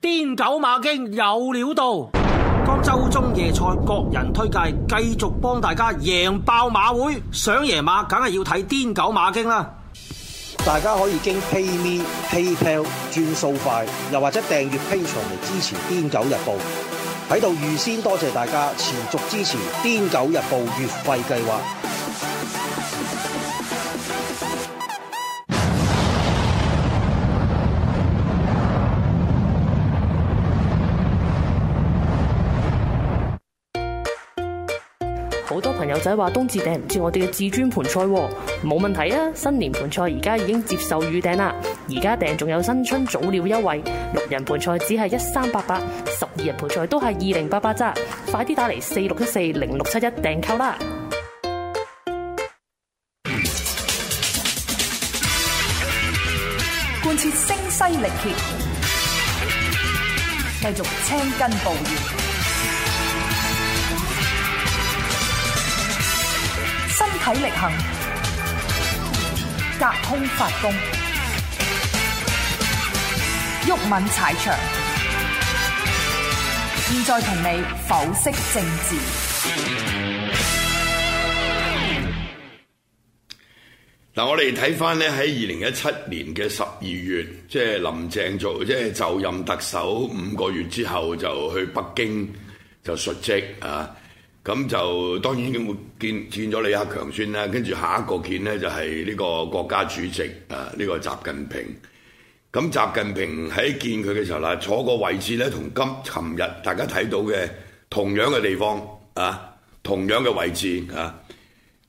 癲狗馬經有料到，廣州中夜賽各人推介，繼續幫大家贏爆馬會。想贏馬梗係要睇癲狗馬經啦，大家可以經 PayMe PayPal 轉數快，又或者訂閱 Patreon 嚟支持癲狗日報。喺度預先多謝大家持續支持癲狗日報月費計劃。仔話冬至訂唔知我哋嘅至尊盤菜，冇問題啊！新年盤菜而家已經接受預訂啦，而家訂仲有新春早鳥優惠，六人盤菜只係一三八八，十二人盤菜都係二零八八咋，快啲打嚟四六一四零六七一訂購啦！貫徹聲嘶力竭，繼續青筋暴現。體力行，隔空發功，毓民踩場。現在同你剖析政治。嗱， 我哋睇翻咧，喺二零一七年嘅十二月，即係林鄭做即係就任特首五個月之後，就去北京就述職啊。咁就當然見見咗李克強先啦，跟住下一個見呢，就係呢個國家主席啊，呢、呢個習近平。咁習近平喺見佢嘅時候啦，坐個位置呢，同今尋日大家睇到嘅同樣嘅地方啊，同樣嘅位置啊。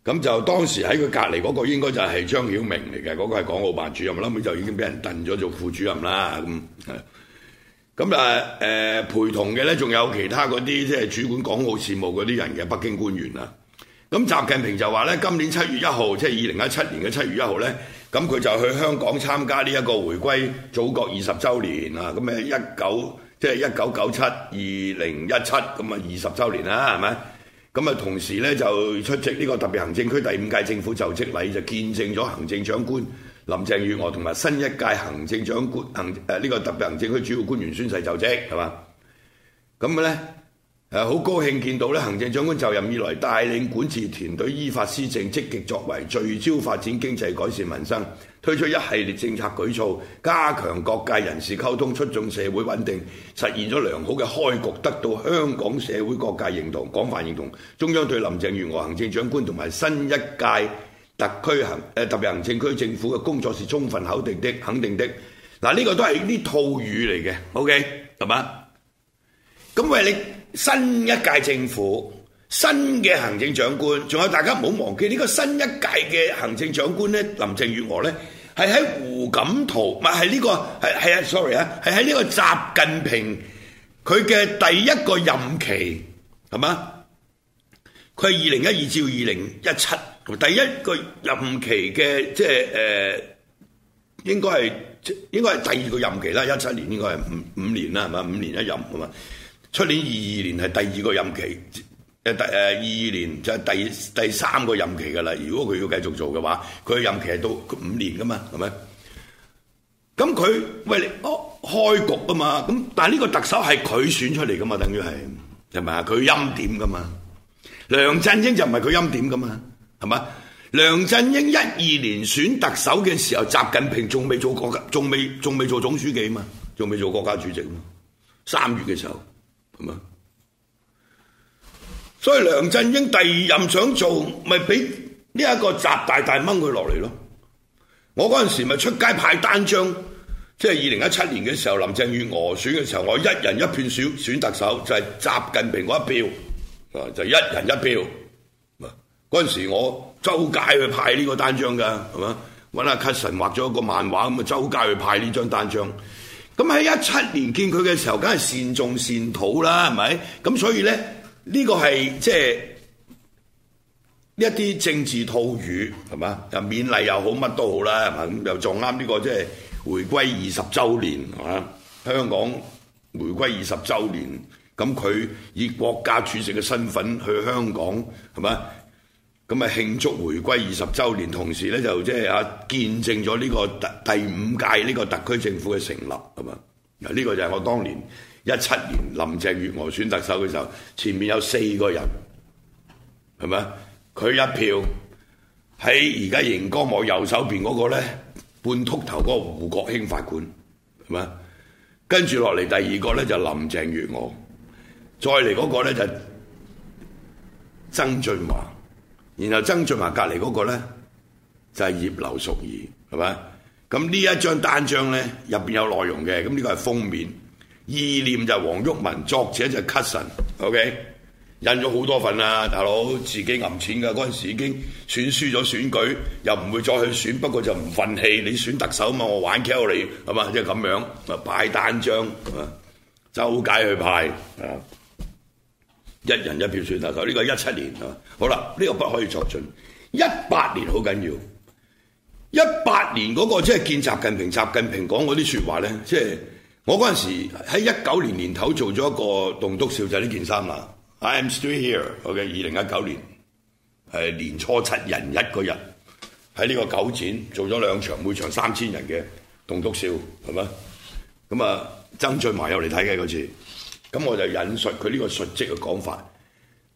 咁就當時喺佢隔離嗰個應該就係張曉明嚟嘅，嗰、嗰個係港澳辦主任，我諗佢就已經俾人燉咗做副主任啦。咁啊，誒陪同嘅呢，仲有其他嗰啲即係主管港澳事務嗰啲人嘅北京官員啦。咁習近平就話呢，今年七月一號，即係二零一七年嘅七月一號呢，咁佢就去香港參加呢一個回歸祖國二十週年啊！咁喺一九，即係一九九七二零一七，咁啊二十週年啦，係咪？咁啊同時呢，就出席呢個特別行政區第五屆政府就職禮，就見證咗行政長官，林鄭月娥同埋新一屆行政長官行誒呢個特別行政區主要官員宣誓就職，係嘛？咁嘅咧，誒好高興見到咧，行政長官就任以來，帶領管治團隊依法施政，積極作為，聚焦發展經濟、改善民生，推出一系列政策舉措，加強各界人士溝通，促進社會穩定，實現咗良好嘅開局，得到香港社會各界認同、廣泛認同。中央對林鄭月娥行政長官同埋新一屆。特區行誒，特別行政區政府嘅工作是充分肯定的，肯定的。嗱，呢個都係呢套語嚟嘅，OK 係嘛？咁為你新一屆政府新嘅行政長官，仲有大家唔好忘記呢、這個新一屆嘅行政長官咧，林鄭月娥咧，係喺胡錦濤，唔係係呢個係係啊，sorry 啊，係喺呢個習近平佢嘅第一個任期係嘛？佢係二零一二至二零一七。第一個任期嘅即係誒，應該係，應該係第二個任期啦。一七年應該係五五年啦，係嘛？五年一任吧，係嘛？出年二二年係第二個任期，誒第誒二二年就係第第三個任期噶啦。如果佢要繼續做嘅話，佢嘅任期係到五年噶嘛，係咪？咁佢喂你、哦、開局啊嘛？咁但係呢個特首係佢選出嚟噶嘛？等於係係咪啊？佢欽點噶嘛？梁振英就唔係佢欽點噶嘛？係嘛？梁振英一二年選特首嘅時候，習近平仲未做國家，仲未仲未做總書記嘛？仲未做國家主席嘛？三月嘅時候，係嘛？所以梁振英第二任想做，咪俾呢一個習大大掹佢落嚟咯。我嗰陣時咪出街派單張，即係二零一七年嘅時候，林鄭月娥選嘅時候，我一人一片選選特首，就係習近平嗰一票，就一人一票。嗰陣時我周街去派呢個單張噶，係嘛？搵阿 Cuson 畫咗一個漫畫咁啊，周街去派呢張單張。咁喺一七年見佢嘅時候，梗係善頌善禱啦，係咪？咁所以咧，呢個係即係一啲政治套語，係嘛？又勉勵又好，乜都好啦，係咪？又撞啱呢個即係回歸二十周年，係嘛？香港回歸二十周年，咁佢以國家主席嘅身份去香港，係咪？咁啊！慶祝回歸二十週年，同時咧就即係啊，見證咗呢個特第五屆呢個特區政府嘅成立，係嘛？嗱，呢個就係我當年一七年林鄭月娥選特首嘅時候，前面有四個人，係咪？佢一票喺而家熒光幕右手邊嗰個咧，半禿頭嗰個胡國興法官係咪？跟住落嚟第二個咧就是、林鄭月娥，再嚟嗰個咧就是、曾俊華。然後曾俊華隔離嗰個呢，就係葉劉淑儀，係咪？咁呢一張單張呢，入面有內容嘅，咁、這、呢個係封面。意念就係黃毓民，作者就係 Cutson、okay? k 印咗好多份啦，大佬自己揼錢㗎。嗰陣時已經選輸咗選舉，又唔會再去選，不過就唔憤氣。你選特首嘛，我玩 kill 你係咪？即係咁樣啊，派單張啊，周解去派啊。一人一票算啊！呢、這個一七年啊，好啦，呢、這個不可以作準。一八年好緊要，一八年嗰、那個即係見習近平，習近平講嗰啲說話咧，即係我嗰陣時喺一九年年頭做咗一個棟篤笑，就係、是、呢件衫啦。I am still here，o、okay，嘅，二零一九年係年初七人一個人喺呢個九展做咗兩場，每場三千人嘅棟篤笑，係嘛？咁啊，曾俊華又嚟睇嘅嗰次。咁我就引述佢呢個述職嘅講法，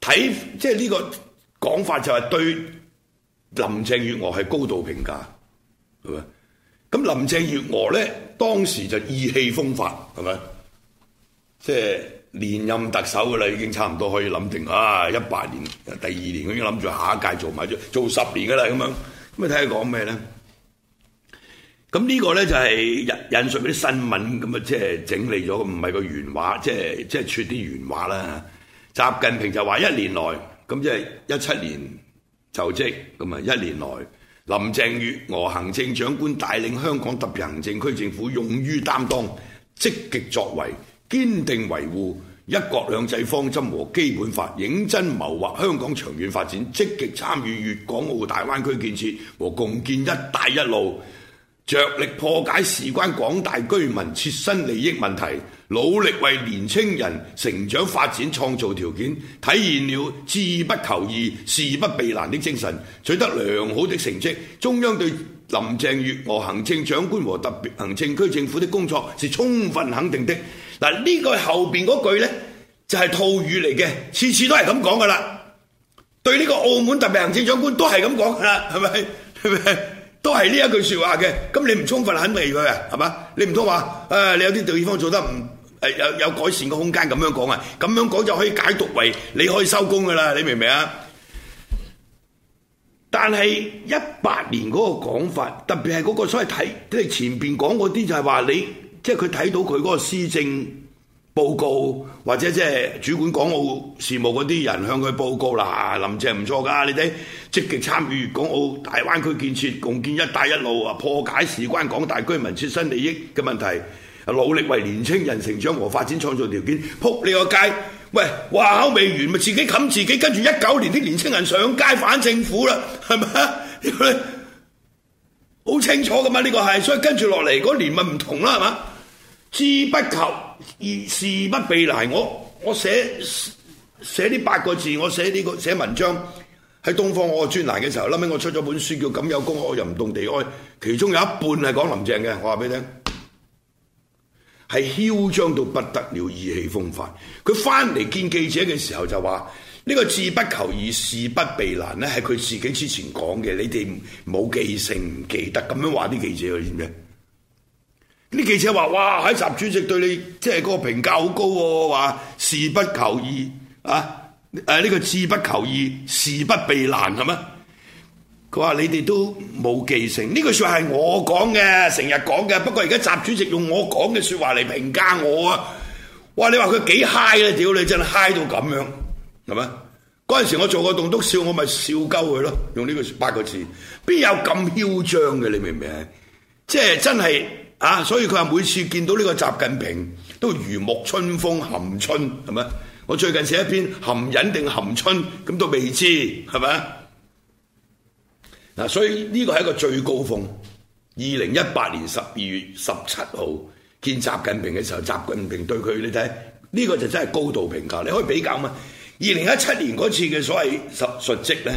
睇即係呢個講法就係對林鄭月娥係高度評價，係咪？咁林鄭月娥咧當時就意氣風發，係咪？即係連任特首嘅啦，已經差唔多可以諗定啊！一八年第二年，佢已經諗住下一屆做埋咗，做十年嘅啦，咁你咁睇下講咩咧？咁、這、呢個呢，就係引引述嗰啲新聞咁啊，即係整理咗，唔係個原話，即係即係撮啲原話啦。習近平就話、就是：一年來，咁即係一七年就職，咁啊一年來，林鄭月娥行政長官帶領香港特別行政區政府勇於擔當，積極作為，堅定維護一國兩制方針和基本法，認真謀劃香港長遠發展，積極參與粵港澳大灣區建設和共建「一帶一路」。着力破解事關廣大居民切身利益問題，努力為年青人成長發展創造條件，體現了志不求易、事不避難的精神，取得良好的成績。中央對林鄭月娥行政長官和特別行政區政府的工作是充分肯定的。嗱，呢句後邊 𠮶 句咧，就係套語嚟嘅，次次都係咁講噶啦。對呢個澳門特別行政長官都係咁講噶啦，係咪？係咪？都係呢一句說話嘅，咁你唔充分肯認佢啊，係嘛？你唔通話，呃，你有啲對方做得唔、呃、有有改善嘅空間咁樣講啊？咁樣講就可以解讀為你可以收工噶啦，你明唔明啊？但係一八年嗰個講法，特別係嗰個所謂睇，即係前面講嗰啲就係話你，即係佢睇到佢嗰個施政。報告或者即係主管港澳事務嗰啲人向佢報告啦，林鄭唔錯噶，你睇積極參與港澳大灣區建設，共建一帶一路啊，破解事關廣大居民切身利益嘅問題，努力為年青人成長和發展創造條件。撲你個街，喂，話口未完咪自己冚自己，跟住一九年啲年青人上街反政府啦，係咪？呢個好清楚噶嘛？呢個係，所以跟住落嚟嗰年咪唔同啦，係嘛？知不求。而事不避難，我我寫寫呢八個字，我寫呢、這個寫文章喺東方我嘅專欄嘅時候，後尾我出咗本書叫《敢有歌吟動地哀》，其中有一半係講林鄭嘅，我話俾你聽，係囂張到不得了，意氣風發。佢翻嚟見記者嘅時候就話：呢、這個志不求易，事不避難咧，係佢自己之前講嘅，你哋冇記性唔記得咁樣話啲記者，知唔知？啲記者話：哇！喺習主席對你即係嗰個評價好高喎，話事不求易啊，誒、啊、呢、呢個志不求易，事不避難，係咩？佢話你哋都冇記性。呢句説話係我講嘅，成日講嘅。不過而家習主席用我講嘅説話嚟評價我啊，哇！你話佢幾嗨啊，屌你真係嗨到咁樣，係咪？嗰陣時候我做個棟篤笑，我咪笑鳩佢咯。用呢個八個字，邊有咁囂張嘅？你明唔明？即係真係。啊！所以佢話每次見到呢個習近平都如沐春風含春，係咪？我最近寫一篇含隱定含春，咁都未知，係咪？嗱，所以呢個係一個最高峰。二零一八年十二月十七號見習近平嘅時候，習近平對佢你睇呢個就真係高度評價。你可以比較嘛？二零一七年嗰次嘅所謂述職呢，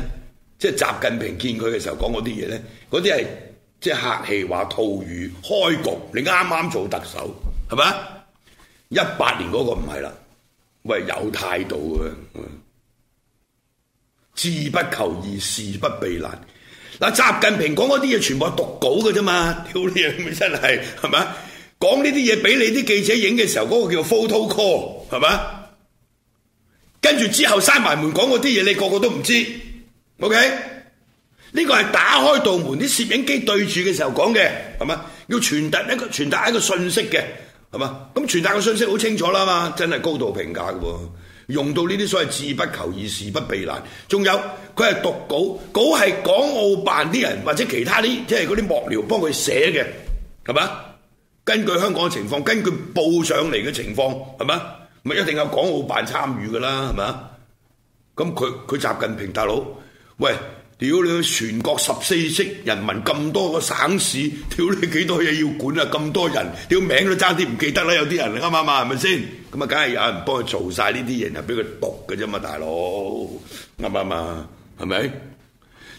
即係習近平見佢嘅時候講嗰啲嘢呢，嗰啲係。即係客氣話套語開局，你啱啱做特首係咪？一八年嗰個唔係啦，喂有態度啊！志不求易，事不避難。嗱，習近平講嗰啲嘢全部係讀稿嘅啫嘛，屌你啊！真係係咪？講呢啲嘢畀你啲記者影嘅時候，嗰個叫 photo call 係咪？跟住之後閂埋門講嗰啲嘢，你個個都唔知。O K。呢、這個係打開道門，啲攝影機對住嘅時候講嘅係嘛？要傳達一個傳達一個信息嘅係嘛？咁傳達個信息好清楚啦嘛，真係高度評價嘅喎，用到呢啲所謂志不求易，事不避難。仲有佢係讀稿，稿係港澳辦啲人或者其他啲，即係嗰啲幕僚幫佢寫嘅係嘛？根據香港嘅情況，根據報上嚟嘅情況係嘛？咪一定有港澳辦參與㗎啦係嘛？咁佢佢習近平大佬喂？屌你！全國十四億人民咁多個省市，屌你幾多嘢要管啊！咁多人，屌名都爭啲唔記得啦，有啲人啱啱啱係咪先？咁啊，梗係有人幫佢做晒呢啲嘢，又俾佢讀㗎啫嘛，大佬，啱啊嘛，係咪？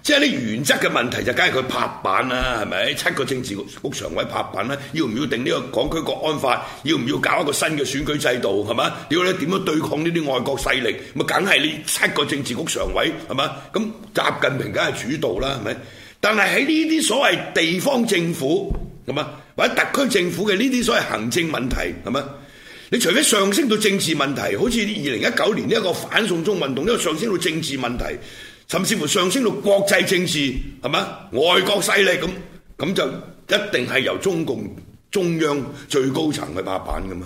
即係啲原則嘅問題就梗係佢拍板啦，係咪？七個政治局常委拍板啦，要唔要定呢個港區國安法？要唔要搞一個新嘅選舉制度？係嘛？屌你點樣對抗呢啲外國勢力？咪梗係你七個政治局常委係嘛？咁習近平梗係主導啦，係咪？但係喺呢啲所謂地方政府咁啊，或者特區政府嘅呢啲所謂行政問題係嘛？你除非上升到政治問題，好似二零一九年呢一個反送中運動都、呢個、上升到政治問題。甚至乎上升到國際政治，係嘛？外國勢力咁，咁就一定係由中共中央最高層去拍板噶嘛？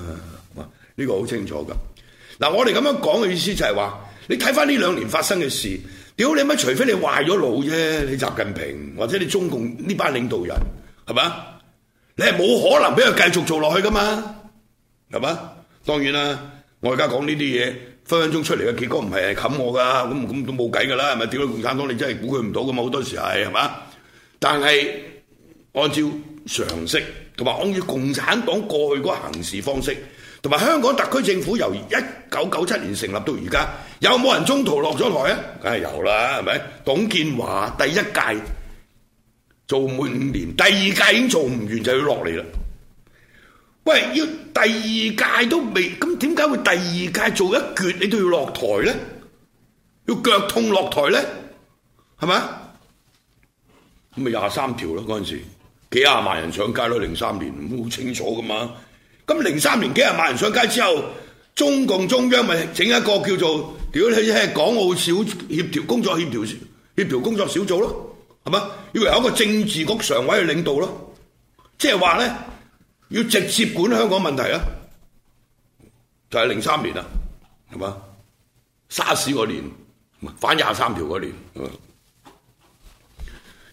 哇！呢個好清楚噶。嗱，我哋咁樣講嘅意思就係話，你睇翻呢兩年發生嘅事，屌你乜？除非你壞咗腦啫，你習近平或者你中共呢班領導人係嘛？你係冇可能俾佢繼續做落去噶嘛？係嘛？當然啦，我而家講呢啲嘢。分分鐘出嚟嘅結果唔係冚我㗎，咁咁都冇計㗎啦，係咪？屌你共產黨你真係估佢唔到嘅嘛？好多時係係嘛？但係按照常識同埋按照共產黨過去嗰個行事方式，同埋香港特區政府由一九九七年成立到而家，有冇人中途落咗台啊？梗係有啦，係咪？董建華第一屆做滿五年，第二屆已經做唔完就要落嚟啦。喂，要第二屆都未，咁點解會第二屆做一橛，你都要落台咧？要腳痛落台咧？係咪？咁咪廿三條咯，嗰陣時幾廿萬人上街咯，零三年都好清楚噶嘛。咁零三年幾廿萬人上街之後，中共中央咪整一個叫做屌咧，即係港澳小協調工作協調協調工作小組咯，係咪？要有一個政治局常委去領導咯，即係話咧。要直接管香港問題啊！就係零三年啊，係嘛？沙士嗰年，係嘛？年反廿三條嗰年係嘛？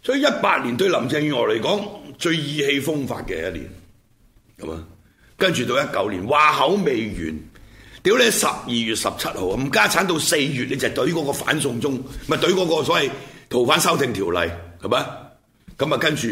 所以一八年對林鄭月娥嚟講最意氣風發嘅一年，係嘛？跟住到一九年話口未完，屌你十二月十七號唔加產到四月，你就懟嗰個反送中，咪懟嗰個所謂逃犯修訂條例，係嘛？咁啊跟住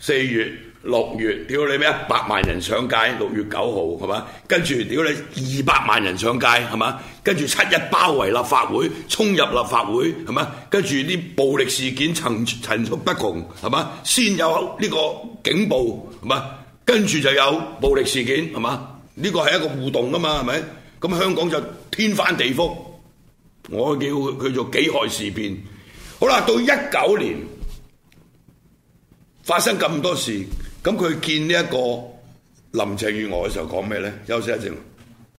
四月。六月，屌你咩？百萬人上街，六月九號，係嘛？跟住，屌你二百萬人上街，係嘛？跟住七日包圍立法會，衝入立法會，係嘛？跟住啲暴力事件層層出不窮，係嘛？先有呢個警暴，係嘛？跟住就有暴力事件，係嘛？呢、這個係一個互動噶嘛，係咪？咁香港就天翻地覆，我叫佢做己亥事變。好啦，到一九年發生咁多事。咁佢見呢一個林鄭月娥嘅時候講咩咧？休息一陣。